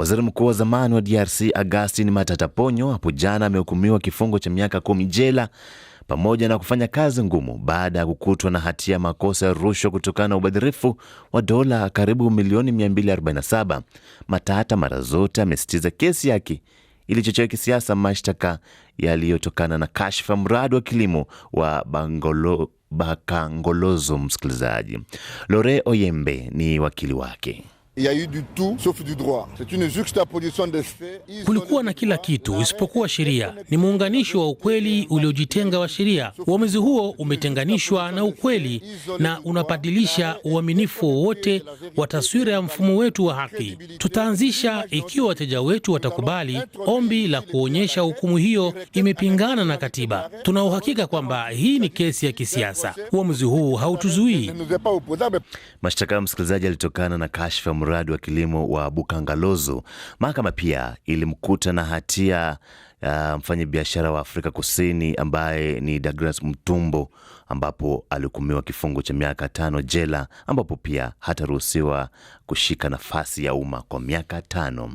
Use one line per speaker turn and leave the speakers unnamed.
Waziri mkuu wa zamani wa DRC Augustin Matata Ponyo hapo jana amehukumiwa kifungo cha miaka kumi jela pamoja na kufanya kazi ngumu baada ya kukutwa na hatia ya makosa ya rushwa kutokana na ubadhirifu wa dola karibu milioni 247. Matata mara zote amesitiza kesi yake ilichochewa kisiasa, mashtaka yaliyotokana na kashfa mradi wa kilimo wa Bangolo, Bakangolozo. Msikilizaji, Lore Oyembe ni wakili wake
il y a eu du tout sauf du droit. C'est une juxtaposition des faits.
Kulikuwa na kila kitu isipokuwa sheria. Ni muunganisho wa ukweli uliojitenga wa sheria. Uamuzi huo umetenganishwa na ukweli na unabadilisha uaminifu wowote wa taswira ya mfumo wetu wa haki. Tutaanzisha ikiwa wateja wetu watakubali ombi la kuonyesha hukumu hiyo imepingana na katiba. Tuna uhakika kwamba hii ni kesi ya kisiasa. Uamuzi huu hautuzuii.
Mashtaka ya msikilizaji alitokana na kashfa mradi wa kilimo wa Bukangalozo. Mahakama pia ilimkuta na hatia uh, mfanyabiashara wa Afrika Kusini ambaye ni Douglas Mtumbo, ambapo alihukumiwa kifungo cha miaka tano jela, ambapo pia hataruhusiwa kushika nafasi ya umma kwa miaka tano.